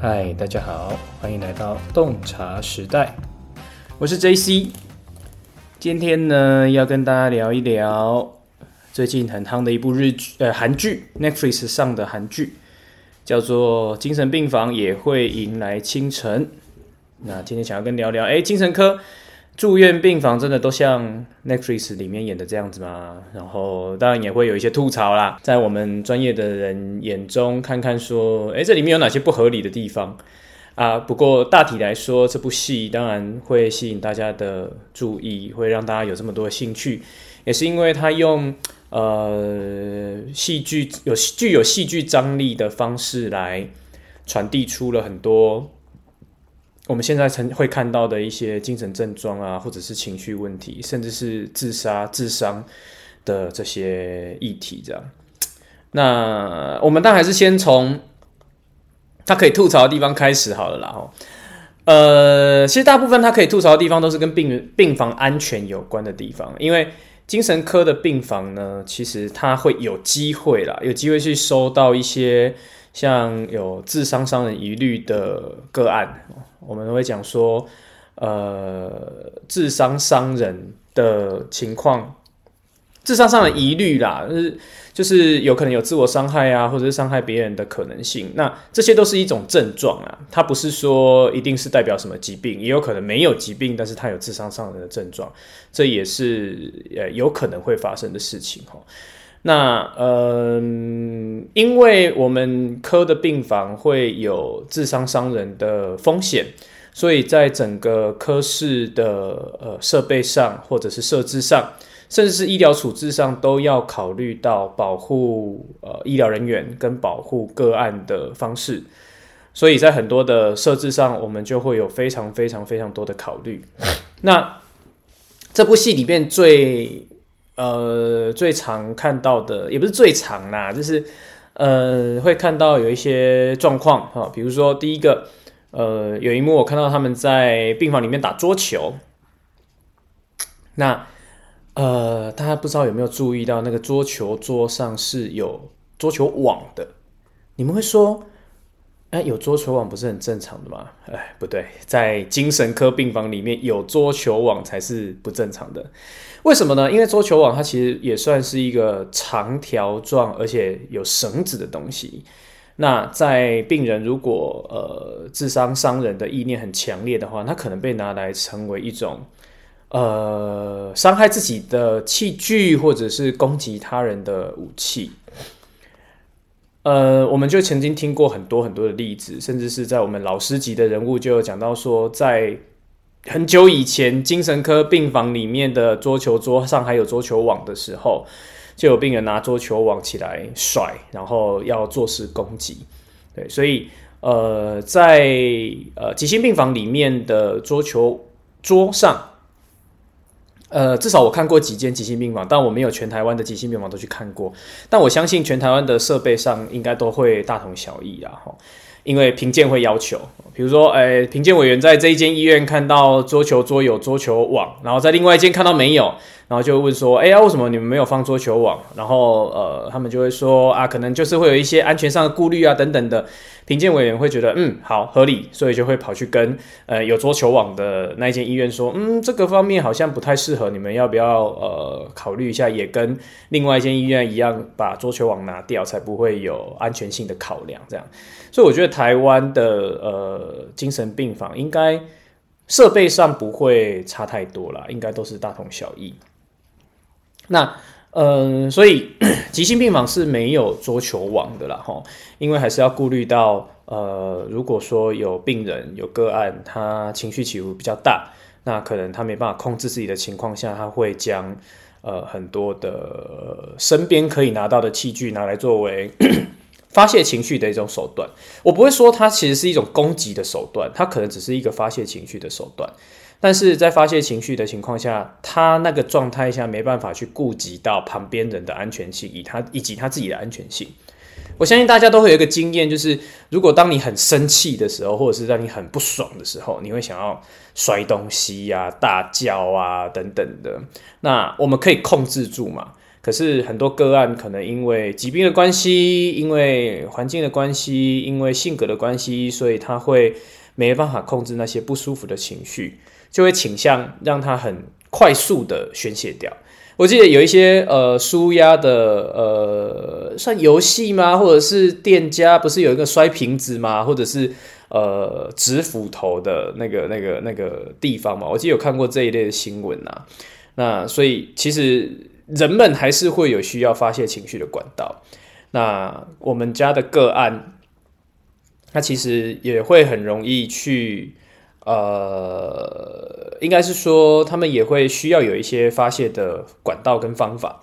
嗨，Hi, 大家好，歡迎來到洞察時代，我是 JC。今天呢，要跟大家聊一聊最近很夯的一部日劇，呃，韓劇，Netflix 上的韓劇，叫做《精神病房也會迎來清晨》。那今天想要跟聊聊，哎、欸，精神科。住院病房真的都像 Netflix 裡面演的這樣子嗎？然後當然也會有一些吐槽啦，在我們專業的人眼中看看說，哎、欸，這裡面有哪些不合理的地方啊？不過大體來說，這部戲當然會吸引大家的注意，會讓大家有這麼多的興趣，也是因為它用呃戲劇有具有戲劇張力的方式來傳遞出了很多。我們現在常會看到的一些精神症狀啊，或者是情緒問題，甚至是自殺、自傷的這些議題，這樣。那我們當然還是先從他可以吐槽的地方開始好了啦。呃，其實大部分他可以吐槽的地方都是跟病病房安全有關的地方，因為精神科的病房呢，其實他會有機會啦，有機會去收到一些。像有自傷傷人疑慮的個案，我們會講說，呃，自傷傷人的情況，自傷傷人疑慮啦，就是就是有可能有自我傷害啊，或者是傷害別人的可能性。那這些都是一種症狀啊，它不是說一定是代表什麼疾病，也有可能沒有疾病，但是它有自傷傷人的症狀，這也是也有可能會發生的事情哈。那呃，因為我們科的病房會有自傷傷人的風險，所以在整個科室的呃設備上，或者是設置上，甚至是醫療處置上，都要考慮到保護呃醫療人員跟保護個案的方式。所以在很多的設置上，我們就會有非常非常非常多的考慮。 那這部戲裡面最。呃，最常看到的也不是最常啦，就是，呃，會看到有一些狀況哈，比如說第一個，呃，有一幕我看到他們在病房裡面打桌球，那，呃，大家不知道有沒有注意到那個桌球桌上是有桌球網的？你們會說？哎、欸，有桌球網不是很正常的嗎？哎，不對，在精神科病房裡面有桌球網才是不正常的。為什麼呢？因為桌球網它其實也算是一個長條狀而且有繩子的東西。那在病人如果呃自傷傷人的意念很強烈的話，他可能被拿來成為一種呃傷害自己的器具，或者是攻擊他人的武器。呃，我們就曾經聽過很多很多的例子，甚至是在我們老師級的人物就有講到說，在很久以前，精神科病房裡面的桌球桌上還有桌球網的時候，就有病人拿桌球網起來甩，然後要做事攻擊。對，所以呃，在呃急性病房裡面的桌球桌上。呃，至少我看過幾間急性病房，但我沒有全台灣的急性病房都去看過。但我相信全台灣的設備上應該都會大同小異啦，齁。因為評鑑會要求，比如說，誒，評鑑委員在這一間醫院看到桌球桌有桌球網，然後在另外一間看到沒有。然後就問說，哎呀、啊，為什麼你們沒有放桌球網？然後呃，他們就會說啊，可能就是會有一些安全上的顧慮啊，等等的。評鑑委員會覺得，嗯，好合理，所以就會跑去跟呃有桌球網的那一間醫院說，嗯，這個方面好像不太適合，你們要不要呃考慮一下，也跟另外一間醫院一樣，把桌球網拿掉，才不會有安全性的考量。這樣，所以我覺得台灣的呃精神病房應該設備上不會差太多啦，應該都是大同小異。那，嗯、呃，所以急性 病房是沒有桌球網的啦，哈，因為還是要顧慮到，呃，如果說有病人、有個案，他情緒起伏比較大，那可能他沒辦法控制自己的情況下，他會將呃很多的身邊可以拿到的器具拿來作為 發洩情緒的一種手段。我不會說他其實是一種攻擊的手段，他可能只是一個發洩情緒的手段。但是在發洩情緒的情況下，他那個狀態下沒辦法去顧及到旁邊人的安全性，以他以及他自己的安全性。我相信大家都會有一個經驗，就是如果當你很生氣的時候，或者是讓你很不爽的時候，你會想要摔東西呀、啊、大叫啊等等的。那我們可以控制住嘛？可是很多個案可能因為疾病的關係，因為環境的關係，因為性格的關係，所以他會沒辦法控制那些不舒服的情緒。就會傾向讓他很快速的宣洩掉。我記得有一些呃，舒壓的呃，算遊戲嗎？或者是店家不是有一個摔瓶子嗎？或者是呃，擲斧頭的那個、那個、那個地方嘛？我記得有看過這一類的新聞吶、啊。那所以其實人們還是會有需要發洩情緒的管道。那我們家的個案，他其實也會很容易去。呃，應該是說他們也會需要有一些發洩的管道跟方法。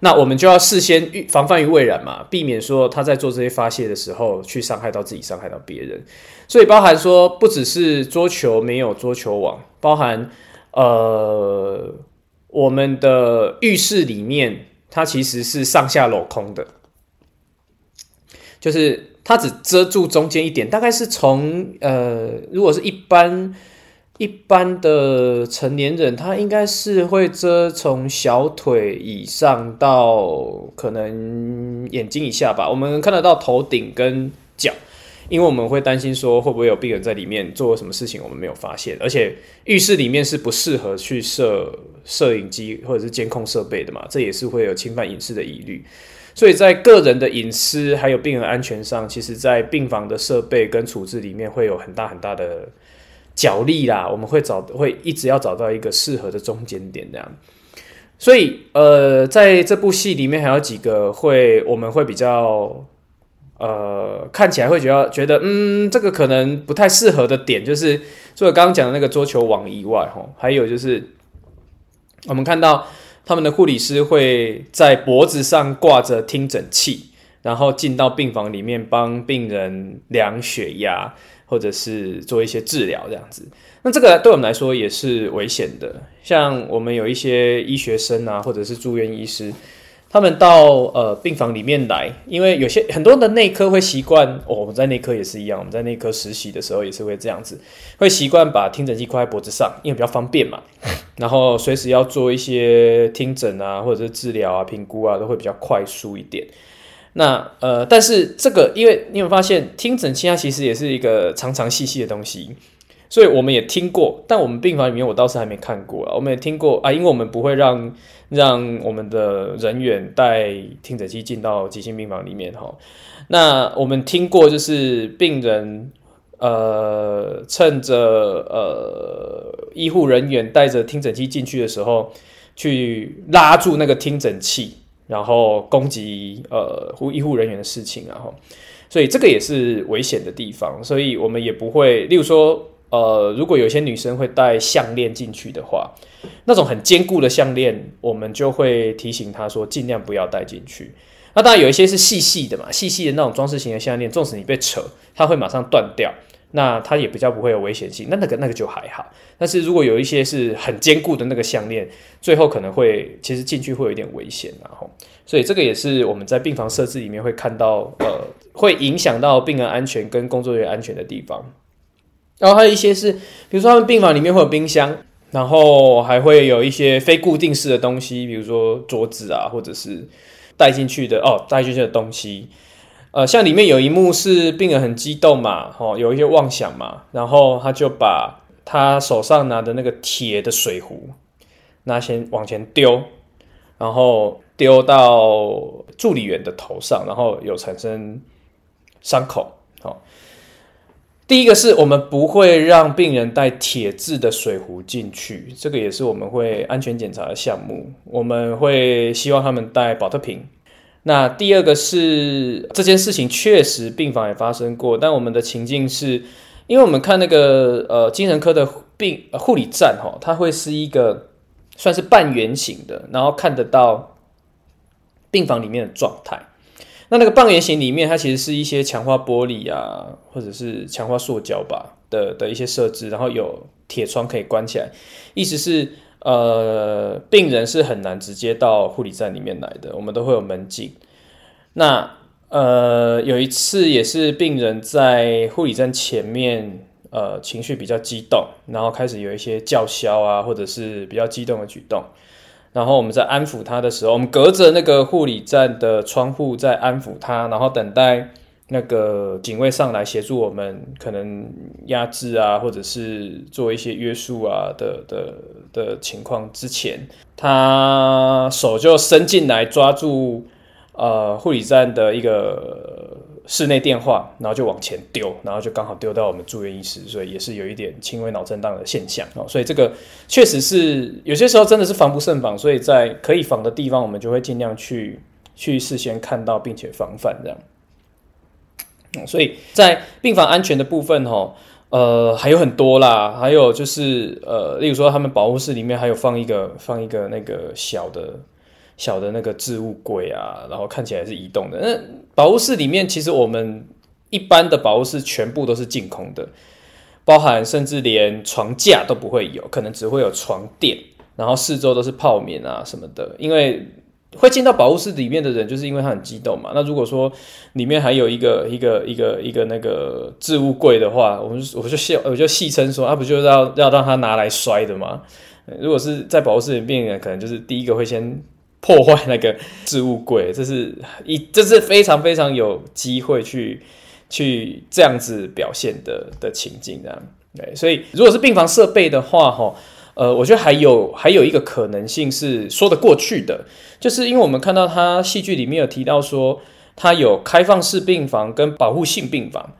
那我們就要事先預防範於未然嘛，避免說他在做這些發洩的時候去傷害到自己，傷害到別人。所以包含說不只是桌球沒有桌球網，包含呃我們的浴室裡面它其實是上下鏤空的，就是。它只遮住中間一點，大概是從呃，如果是一般一般的成年人，他應該是會遮從小腿以上到可能眼睛以下吧。我們看得到頭頂跟腳，因為我們會擔心說會不會有病人在裡面做了什麼事情，我們沒有發現。而且浴室裡面是不適合去設攝影機或者是監控設備的嘛，這也是會有侵犯隱私的疑慮。所以在個人的隱私還有病人安全上，其實在病房的設備跟處置裡面會有很大很大的角力啦。我們會找，會一直要找到一個適合的中間點這樣。所以，呃，在這部戲裡面還有幾個會，我們會比較，呃，看起來會覺得覺得，嗯，這個可能不太適合的點，就是除了剛剛講的那個桌球網以外，吼，還有就是我們看到。他們的護理師會在脖子上掛着聽診器，然後進到病房裡面幫病人量血壓，或者是做一些治療這樣子。那這個對我們來說也是危險的。像我們有一些醫學生啊，或者是住院醫師，他們到呃病房裡面來，因為有些很多的內科會習慣，哦，我們在內科也是一樣，我們在內科實習的時候也是會這樣子，會習慣把聽診器掛在脖子上，因為比較方便嘛。然後隨時要做一些聽診啊，或者是治療啊、評估啊，都會比較快速一點。那呃，但是這個，因為你有發現聽診器它其實也是一個長長細細的東西，所以我們也聽過，但我們病房裡面我倒是還沒看過啊。我們也聽過啊，因為我們不會讓讓我們的人員帶聽診器進到急性病房裡面哈。那我們聽過就是病人。呃，趁着呃醫護人員帶着聽診器進去的時候，去拉住那個聽診器，然後攻擊呃護醫護人員的事情，然後，所以這個也是危險的地方，所以我們也不會，例如說，呃，如果有些女生會戴項鏈進去的話，那種很堅固的項鏈，我們就會提醒她說盡量不要帶進去。那當然有一些是細細的嘛，細細的那種裝飾型的項鏈，縱使你被扯，它會馬上斷掉。那它也比較不會有危險性，那那個那個就還好。但是如果有一些是很堅固的那個項鏈，最後可能會其實進去會有點危險，然後，所以這個也是我們在病房設置裡面會看到，呃，會影響到病人安全跟工作人員安全的地方。然後還有一些是，比如說他們病房裡面會有冰箱，然後還會有一些非固定式的東西，比如說桌子啊，或者是帶進去的哦，帶進去的東西。呃，像裡面有一幕是病人很激動嘛，哦，有一些妄想嘛，然後他就把他手上拿的那個鐵的水壺，那先往前丟，然後丟到助理員的頭上，然後有產生傷口。哦，第一個是我們不會讓病人帶鐵質的水壺進去，這個也是我們會安全檢查的項目，我們會希望他們帶保特瓶。那第二個是這件事情確實病房也發生過，但我們的情境是，因為我們看那個呃精神科的病、呃、護理站哈、哦，它會是一個算是半圓形的，然後看得到病房裡面的狀態。那那個半圓形裡面，它其實是一些強化玻璃啊，或者是強化塑膠吧的的一些設置，然後有鐵窗可以關起來，意思是。呃，病人是很難直接到護理站裡面來的，我們都會有門禁。那呃，有一次也是病人在護理站前面，呃，情緒比較激動，然後開始有一些叫囂啊，或者是比較激動的舉動。然後我們在安撫他的時候，我們隔着那個護理站的窗戶在安撫他，然後等待。那個警衛上來協助我們，可能壓制啊，或者是做一些約束啊的的的，的情況之前，他手就伸進來抓住呃護理站的一個室內電話，然後就往前丟，然後就剛好丟到我們住院醫師，所以也是有一點輕微腦震盪的現象哦。所以這個確實是有些時候真的是防不勝防，所以在可以防的地方，我們就會盡量去去事先看到並且防範這樣。嗯、所以在病房安全的部分，哦，呃，還有很多啦，還有就是，呃，例如說他們保護室裡面還有放一個放一個那個小的、小的那個置物櫃啊，然後看起來是移動的。那保護室裡面，其實我們一般的保護室全部都是淨空的，包含甚至連床架都不會有，可能只會有床墊，然後四周都是泡棉啊什麼的，因為。會進到保護室裡面的人，就是因為他很激動嘛。那如果說裡面還有一個一個一個一個那個置物櫃的話，我們我就笑，我就戲稱說，啊，不就是要要讓他拿來摔的嗎？如果是在保護室裡面，可能就是第一個會先破壞那個置物櫃，這是一，這是非常非常有機會去去這樣子表現的的情境啊。對，所以如果是病房設備的話，吼。呃，我覺得還有還有一個可能性是說得過去的，就是因為我們看到他戲劇裡面有提到說，他有開放式病房跟保護性病房。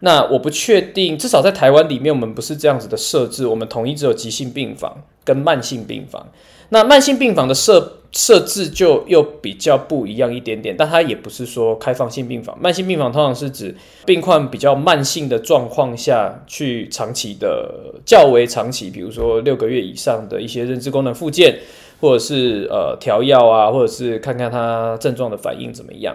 那我不確定，至少在台灣裡面，我們不是這樣子的設置，我們統一只有急性病房跟慢性病房。那慢性病房的設設置就又比較不一樣一點點，但它也不是說開放性病房，慢性病房通常是指病患比較慢性的狀況下去，長期的較為長期，比如說六個月以上的一些認知功能復健，或者是呃調藥啊，或者是看看他症狀的反應怎麼樣。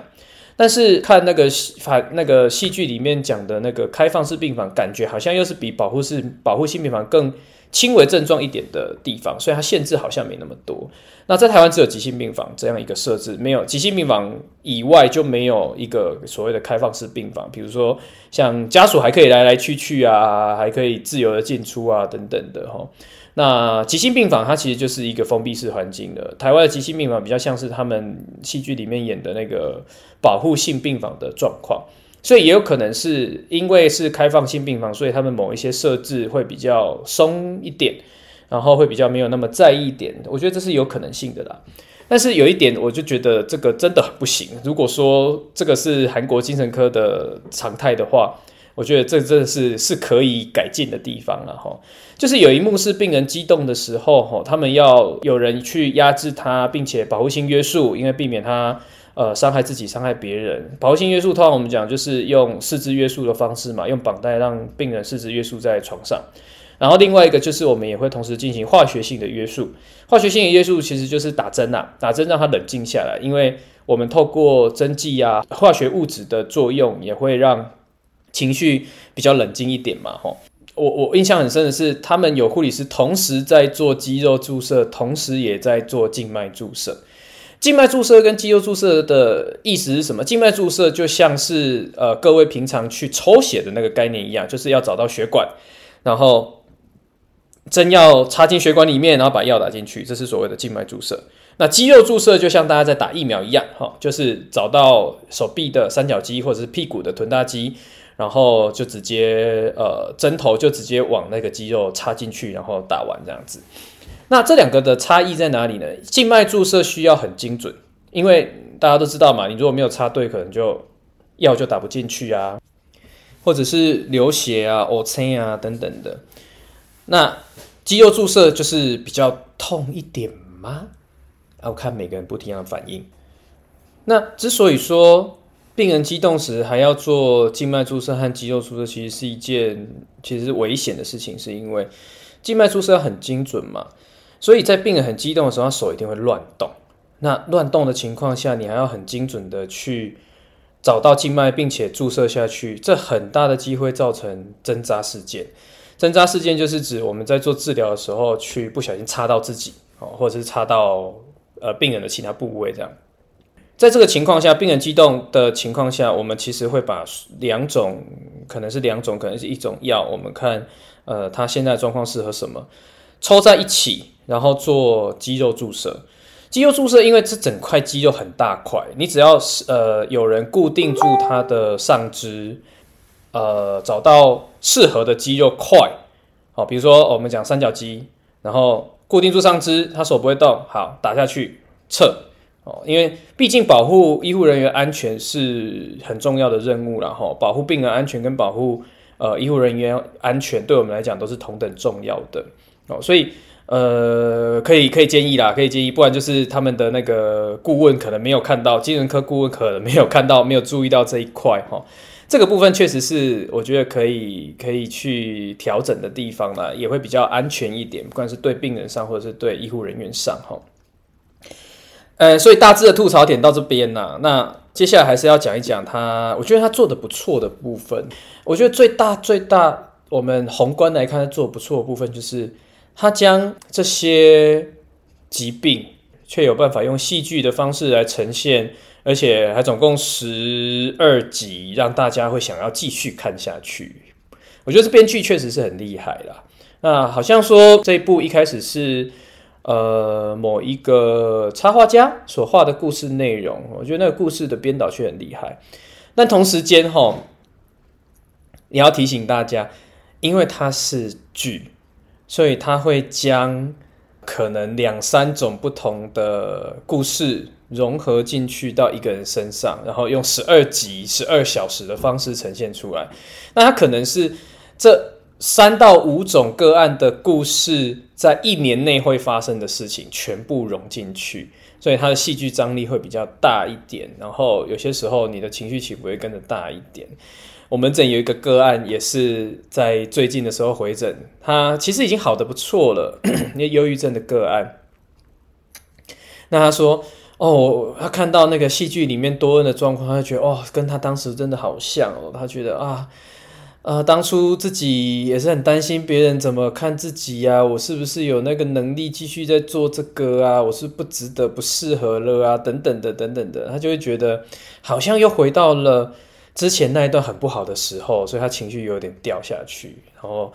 但是看那個戲，那個戲劇裡面講的那個開放式病房，感覺好像又是比保護式、保護性病房更。輕微症狀一點的地方，所以它限制好像沒那麼多。那在台灣只有急性病房這樣一個設置，沒有急性病房以外就沒有一個所謂的開放式病房，比如說像家屬還可以來來去去啊，還可以自由的進出啊等等的哈。那急性病房它其實就是一個封閉式環境的，台灣的急性病房比較像是他們戲劇裡面演的那個保護性病房的狀況。所以也有可能是因為是開放性病房，所以他們某一些設置會比較鬆一點，然後會比較沒有那麼在意一點。我覺得這是有可能性的啦。但是有一點，我就覺得這個真的很不行。如果說這個是韓國精神科的常態的話，我覺得這真的是是可以改進的地方了吼，就是有一幕是病人激動的時候，吼，他們要有人去壓制他，並且保護性約束，因為避免他。呃，傷害自己，傷害別人。保護性約束，通常我們講就是用四肢約束的方式嘛，用綁帶讓病人四肢約束在床上。然後另外一個就是，我們也會同時進行化學性的約束。化學性的約束其實就是打針吶、啊，打針讓他冷靜下來，因為我們透過針劑啊，化學物質的作用，也會讓情緒比較冷靜一點嘛。吼，我我印象很深的是，他們有護理師同時在做肌肉注射，同時也在做靜脈注射。靜脈注射跟肌肉注射的意思是什麼？靜脈注射就像是呃各位平常去抽血的那個概念一樣，就是要找到血管，然後針要插進血管裡面，然後把藥打進去，這是所謂的靜脈注射。那肌肉注射就像大家在打疫苗一樣，哈，就是找到手臂的三角肌或者是屁股的臀大肌，然後就直接呃針頭就直接往那個肌肉插進去，然後打完這樣子。那這兩個的差異在哪裡呢？靜脈注射需要很精準，因為大家都知道嘛，你如果沒有插對，可能就藥就打不進去啊，或者是流血啊、瘀青啊等等的。那肌肉注射就是比較痛一點嗎？要、啊、看每個人不一樣的反應。那之所以說病人激動時還要做靜脈注射和肌肉注射，其實是一件其實是危險的事情，是因為靜脈注射很精準嘛。所以在病人很激動的時候，他手一定會亂動。那亂動的情況下，你還要很精準的去找到靜脈，並且注射下去，這很大的機會造成針扎事件。針扎事件就是指我們在做治療的時候，去不小心插到自己哦，或者是插到呃病人的其他部位這樣。在這個情況下，病人激動的情況下，我們其實會把兩種，可能是兩種，可能是一種藥，我們看呃他現在的狀況適合什麼，抽在一起。然後做肌肉注射，肌肉注射因為這整塊肌肉很大塊，你只要是呃有人固定住他的上肢，呃找到適合的肌肉塊，好、哦，比如說我們講三角肌，然後固定住上肢，他手不會動，好打下去，撤哦，因為畢竟保護醫護人員安全是很重要的任務，然後保護病人安全跟保護呃醫護人員安全，對我們來講都是同等重要的哦，所以。呃，可以可以建議啦，可以建議，不然就是他們的那個顧問可能沒有看到，精神科顧問可能沒有看到，沒有注意到這一塊哈。這個部分確實是我覺得可以可以去調整的地方啦，也會比較安全一點，不管是對病人上，或者是對醫護人員上哈。呃，所以大致的吐槽點到這邊啦，啊，那接下來還是要講一講他，我覺得他做的不錯的部分，我覺得最大最大，我們宏觀來看他做的不錯的部分就是。他將這些疾病，卻有辦法用戲劇的方式來呈現，而且還總共十二集，讓大家會想要繼續看下去。我覺得這編劇確實是很厲害啦。那好像說這一部一開始是呃某一個插畫家所畫的故事內容，我覺得那個故事的編導卻很厲害。但同時間哈，你要提醒大家，因為它是劇。所以他會將可能兩三種不同的故事融合進去到一個人身上，然後用十二集、十二小時的方式呈現出來。那它可能是這三到五種個案的故事，在一年內會發生的事情全部融進去，所以它的戲劇張力會比較大一點，然後有些時候你的情緒起伏會跟着大一點。我們門診有一個個案，也是在最近的時候回診，他其實已經好得不錯了， 因為憂鬱症的個案。那他說：“哦，他看到那個戲劇裡面多恩的狀況，他就覺得哦，跟他當時真的好像哦。他覺得啊，呃，當初自己也是很擔心別人怎麼看自己呀、啊，我是不是有那個能力繼續在做這個啊？我是不值得、不適合了啊，等等的、等等的，他就會覺得好像又回到了。”之前那一段很不好的時候，所以他情緒有點掉下去，然後，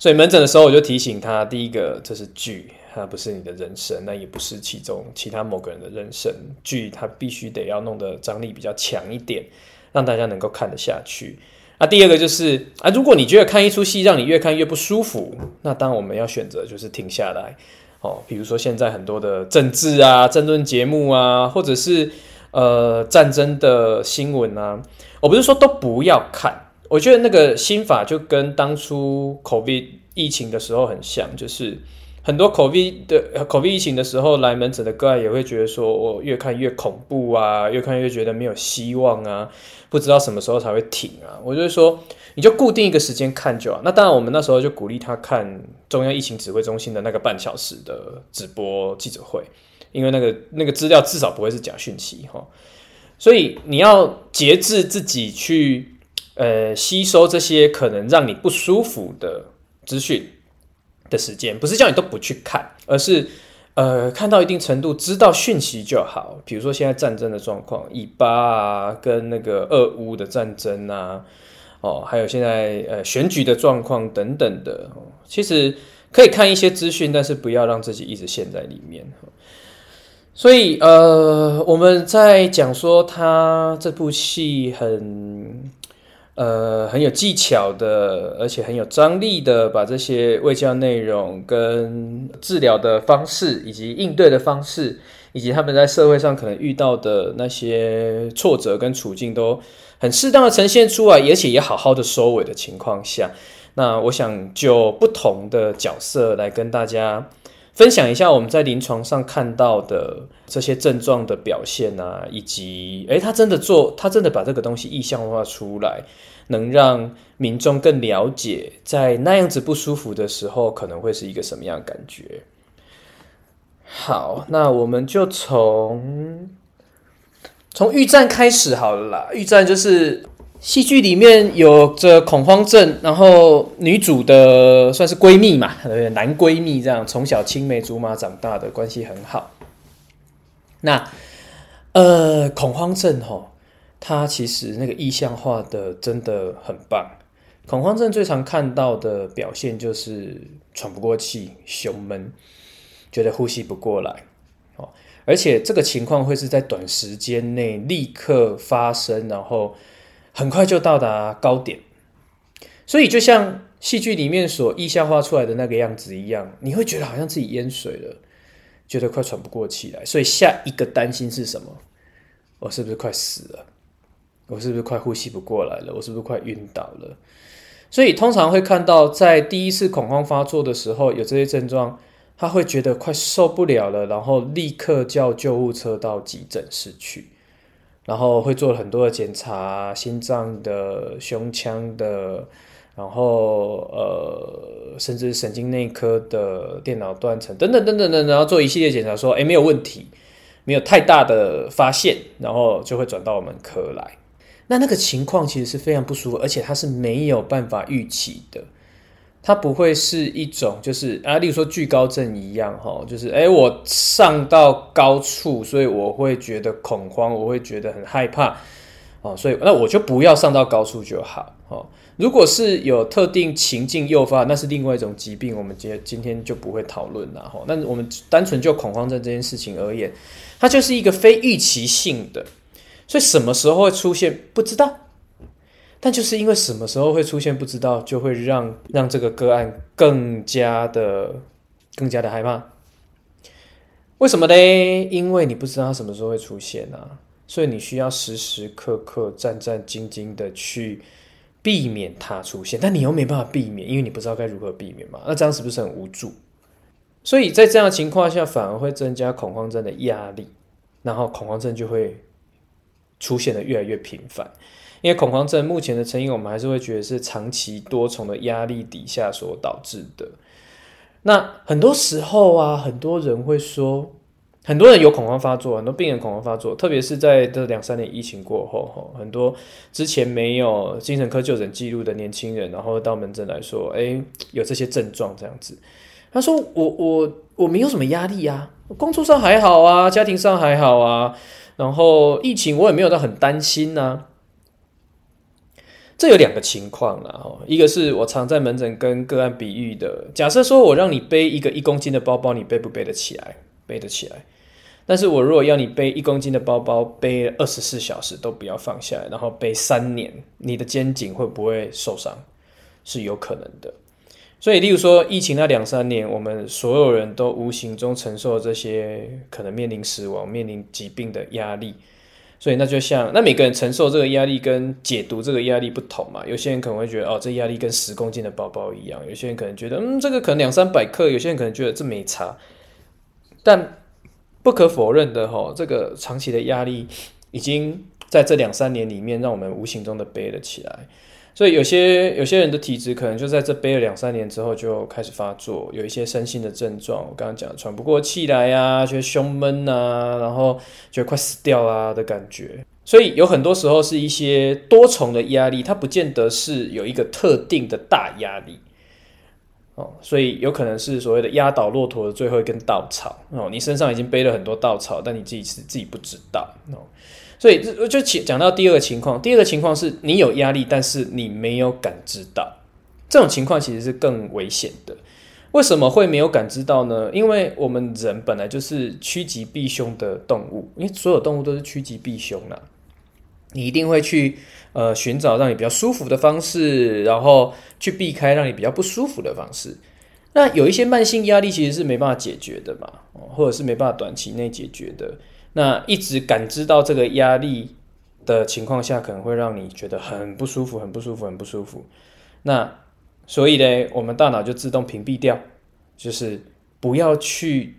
所以門診的時候我就提醒他，第一個這是劇，它不是你的人生，那也不是其中其他某個人的人生劇，它必須得要弄得張力比較強一點，讓大家能夠看得下去。那、啊、第二個就是啊，如果你覺得看一出戲讓你越看越不舒服，那當然我們要選擇就是停下來哦，比如說現在很多的政治啊、政論節目啊，或者是呃戰爭的新聞啊。我不是說都不要看，我覺得那個心法就跟當初 COVID 疫情的時候很像，就是很多 COVID 的 COVID 疫情的時候來門診的個案也會覺得說，我、哦、越看越恐怖啊，越看越覺得沒有希望啊，不知道什麼時候才會停啊。我就說，你就固定一個時間看就好。那當然，我們那時候就鼓勵他看中央疫情指揮中心的那個半小時的直播記者會，因為那個那個資料至少不會是假訊息哈。所以你要節制自己去，呃，吸收這些可能讓你不舒服的資訊的時間，不是叫你都不去看，而是，呃，看到一定程度，知道訊息就好。比如說現在戰爭的狀況，以巴啊，跟那個俄烏的戰爭啊，哦，還有現在呃選舉的狀況等等的，哦，其實可以看一些資訊，但是不要讓自己一直陷在裡面，哦。所以，呃，我們在講說他這部戲很，呃，很有技巧的，而且很有張力的，把這些衛教內容、跟治療的方式，以及應對的方式，以及他們在社會上可能遇到的那些挫折跟處境，都很適當的呈現出來，而且也好好的收尾的情況下，那我想就不同的角色來跟大家，分享一下我們在臨床上看到的這些症狀的表現啊，以及誒他真的做，他真的把這個東西意象化出來，能讓民眾更了解，在那樣子不舒服的時候，可能會是一個什麼樣的感覺。好，那我們就從從裕贊開始好了啦，裕贊就是。戲劇裡面有着恐慌症，然後女主的算是閨蜜嘛，男閨蜜這樣從小青梅竹馬長大的關係很好。那呃，恐慌症哦，它其實那個意象化的真的很棒。恐慌症最常看到的表現就是喘不過氣、胸悶，覺得呼吸不過來哦，而且這個情況會是在短時間內立刻發生，然後。很快就到達高點，所以就像戲劇裡面所意象化出來的那個樣子一樣，你會覺得好像自己淹水了，覺得快喘不過氣來。所以下一個擔心是什麼？我是不是快死了？我是不是快呼吸不過來了？我是不是快暈倒了？所以通常會看到，在第一次恐慌發作的時候有這些症狀，他會覺得快受不了了，然後立刻叫救護車到急診室去。然後會做很多的檢查，心臟的、胸腔的，然後呃，甚至神經內科的電腦斷層等等等等等，然後做一系列檢查說，說哎沒有問題，沒有太大的發現，然後就會轉到我們科來。那那個情況其實是非常不舒服，而且它是沒有辦法預期的。它不會是一種，就是啊，例如說懼高症一樣，哈，就是誒、欸、我上到高處，所以我會覺得恐慌，我會覺得很害怕，哦，所以那我就不要上到高處就好，哦。如果是有特定情境誘發，那是另外一種疾病，我們今今天就不會討論了，哈。那我們單純就恐慌症這件事情而言，它就是一個非預期性的，所以什麼時候會出現，不知道。但就是因為什麼時候會出現不知道，就會讓讓這個個案更加的更加的害怕。為什麼呢？因為你不知道它什麼時候會出現啊，所以你需要時時刻刻戰戰兢兢的去避免它出現。但你又沒辦法避免，因為你不知道該如何避免嘛。那這樣是不是很無助？所以在這樣的情況下，反而會增加恐慌症的壓力，然後恐慌症就會出現的越來越頻繁。因為恐慌症目前的成因，我們還是會覺得是長期多重的壓力底下所導致的。那很多時候啊，很多人會說，很多人有恐慌發作，很多病人恐慌發作，特別是在這兩三年疫情過後，很多之前沒有精神科就診記錄的年輕人，然後到門診來說，欸，有這些症狀這樣子。他說：“我我我沒有什麼壓力啊，工作上還好啊，家庭上還好啊，然後疫情我也沒有到很擔心吶。”這有兩個情況，一個是我常在門診跟個案比喻的，假設說我讓你背一個一公斤的包包，你背不背得起來？背得起來。但是我如果要你背一公斤的包包，背二十四小時都不要放下來，然後背三年，你的肩頸會不會受傷？是有可能的。所以，例如說疫情那兩三年，我們所有人都無形中承受這些可能面臨死亡、面臨疾病的壓力。所以那就像那每個人承受這個壓力跟解讀這個壓力不同嘛，有些人可能會覺得哦，這壓力跟十公斤的包包一樣，有些人可能覺得嗯，這個可能兩三百克，有些人可能覺得這沒差。但不可否認的哈、哦，這個長期的壓力已經在這兩三年裡面讓我們無形中的背了起來。所以有些有些人的體質可能就在這背了兩三年之後就開始發作，有一些身心的症狀。我剛剛講喘不過氣來啊，覺得胸悶啊，然後覺得快死掉啊的感覺。所以有很多時候是一些多重的壓力，它不見得是有一個特定的大壓力哦。所以有可能是所謂的壓倒駱駝的最後一根稻草哦。你身上已經背了很多稻草，但你自己是自己不知道哦。所以就講到第二個情況，第二個情況是你有壓力，但是你沒有感知到，這種情況其實是更危險的。為什麼會沒有感知到呢？因為我們人本來就是趨吉避凶的動物，因為所有動物都是趨吉避凶啦。你一定會去呃尋找讓你比較舒服的方式，然後去避開讓你比較不舒服的方式。那有一些慢性壓力其實是沒辦法解決的嘛，或者是沒辦法短期內解決的。那一直感知到這個壓力的情況下，可能會讓你覺得很不舒服、很不舒服、很不舒服。那所以呢，我們大腦就自動屏蔽掉，就是不要去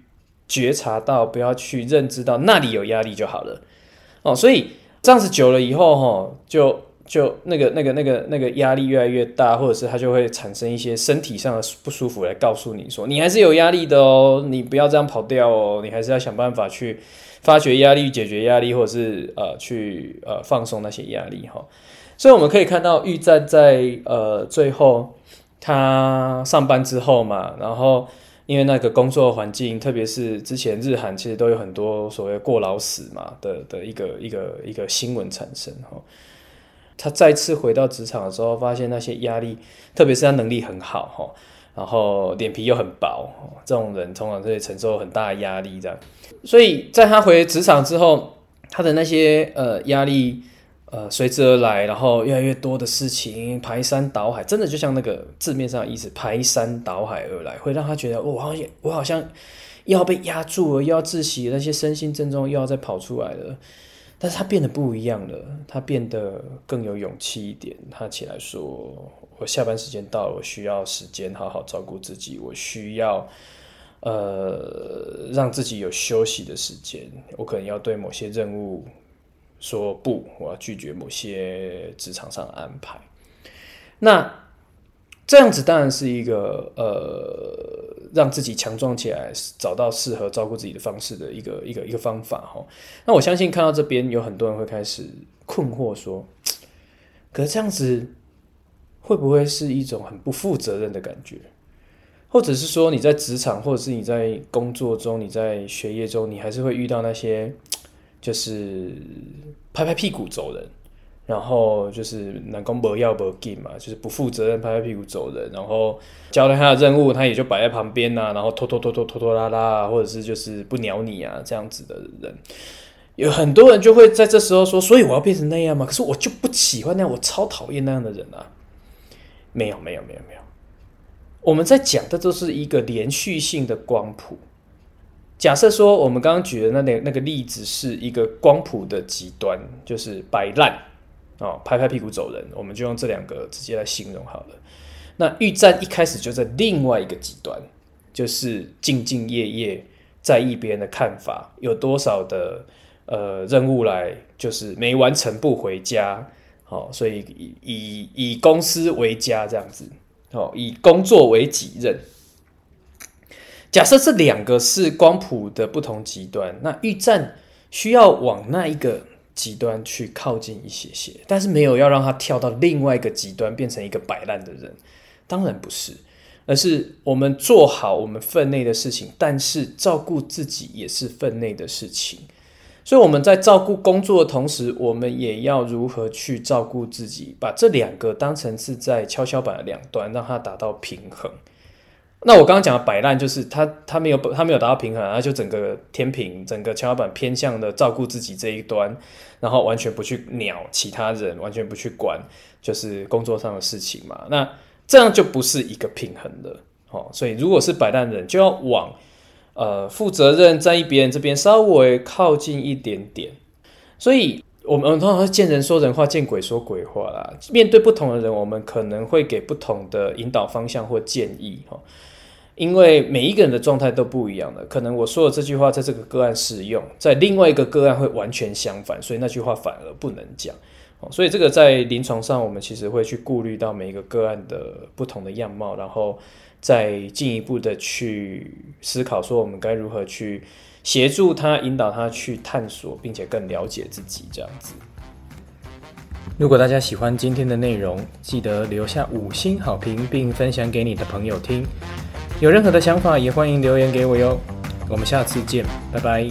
覺察到、不要去認知到那裡有壓力就好了。哦，所以這樣子久了以後，吼，就就那個、那個、那個、那個壓力越來越大，或者是它就會產生一些身體上的不舒服來告訴你說，你還是有壓力的哦，你不要這樣跑掉哦，你還是要想辦法去。發掘壓力、解決壓力，或者是呃去呃放鬆那些壓力哈。所以我們可以看到裕贊在呃最後他上班之後嘛，然後因為那個工作環境，特別是之前日韓其實都有很多所謂過勞死嘛的的一個一個一個新聞產生哈。他再次回到職場的時候，發現那些壓力，特別是他能力很好哈。然後臉皮又很薄，這種人通常會承受很大的壓力，這樣。所以在他回職場之後，他的那些呃壓力呃隨之而來，然後越來越多的事情排山倒海，真的就像那個字面上的意思，排山倒海而來，會讓他覺得、哦、我好像我好像要被壓住了，又要窒息了，那些身心症狀又要再跑出來了。但是他變得不一樣了，他變得更有勇氣一點。他起來說：“我下班時間到了，我需要時間好好照顧自己，我需要呃讓自己有休息的時間。我可能要對某些任務說不，我要拒絕某些職場上的安排。”那這樣子當然是一個呃，讓自己強壯起來，找到適合照顧自己的方式的一個一個一個方法哦，那我相信看到這邊有很多人會開始困惑說，可是這樣子會不會是一種很不負責任的感覺？或者是說你在職場，或者是你在工作中，你在學業中，你還是會遇到那些就是拍拍屁股走人，然後就是南宮不要不給嘛，就是不負責任拍拍屁股走人，然後交了他的任務，他也就擺在旁邊吶，啊，然後拖拖拖拖拖拖拖拉拉，或者是就是不鳥你啊這樣子的人，有很多人就會在這時候說，所以我要變成那樣嗎？可是我就不喜歡那樣，我超討厭那樣的人啊！沒有沒有沒有沒有，我們在講的都是一個連續性的光譜。假設說我們剛剛舉的那那那個例子是一個光譜的極端，就是擺爛。哦，拍拍屁股走人，我們就用這兩個直接來形容好了。那裕贊一開始就在另外一個極端，就是兢兢業業，在意別人的看法，有多少的呃任務來，就是沒完成不回家。好、哦，所以以以以公司為家這樣子，哦、以工作為己任。假設這兩個是光譜的不同極端，那裕贊需要往那一個。極端去靠近一些些，但是沒有要讓他跳到另外一個極端變成一個擺爛的人，當然不是，而是我們做好我們分內的事情，但是照顧自己也是分內的事情，所以我們在照顧工作的同時，我們也要如何去照顧自己，把這兩個當成是在蹺蹺板的兩端，讓它達到平衡。那我剛剛講的擺爛就是他他沒有他沒有達到平衡，他就整個天平整個蹺蹺板偏向的照顧自己這一端，然後完全不去鳥其他人，完全不去管就是工作上的事情嘛。那這樣就不是一個平衡了哦。所以如果是擺爛人，就要往呃負責任、在意別人這邊稍微靠近一點點。所以我們通常會見人說人話，見鬼說鬼話啦。面對不同的人，我們可能會給不同的引導方向或建議哦。因為每一個人的狀態都不一樣的，可能我說的這句話在這個個案適用，在另外一個個案會完全相反，所以那句話反而不能講。所以這個在臨床上，我們其實會去顧慮到每一個個案的不同的樣貌，然後再進一步的去思考，說我們該如何去協助他、引導他去探索，並且更了解自己。這樣子。如果大家喜歡今天的內容，記得留下五星好評，並分享給你的朋友聽。有任何的想法，也歡迎留言給我喲。我們下次見，拜拜。